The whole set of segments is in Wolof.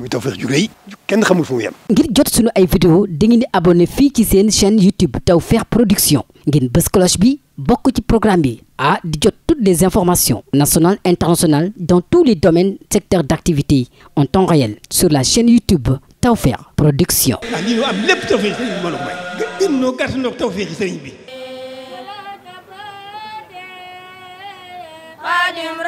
muy Tawfekh ju rëy kenn xamul fu mu yem. ngir jot sunu ay vidéo dangeen di abonné fii ci seen chaîne YouTube Tawfekh Production ngeen bës bi bokk ci programme bi ah di jot toutes des informations national internationales dans tous les domaines secteurs d'activité en temps réel sur la chaîne YouTube Tawfekh Production. ah lii ñu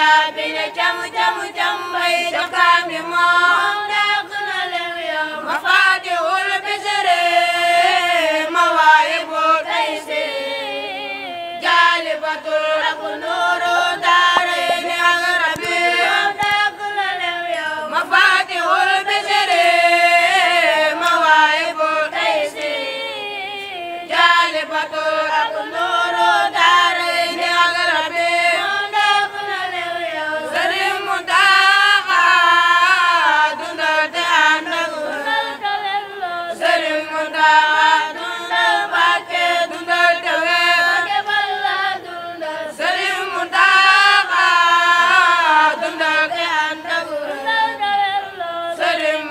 yaa bi ne cam cam cam bay dëkkaan bi moom dàq na leen yow ma faati wul bisiri ma waaye boo tey si jaalibatul ak nu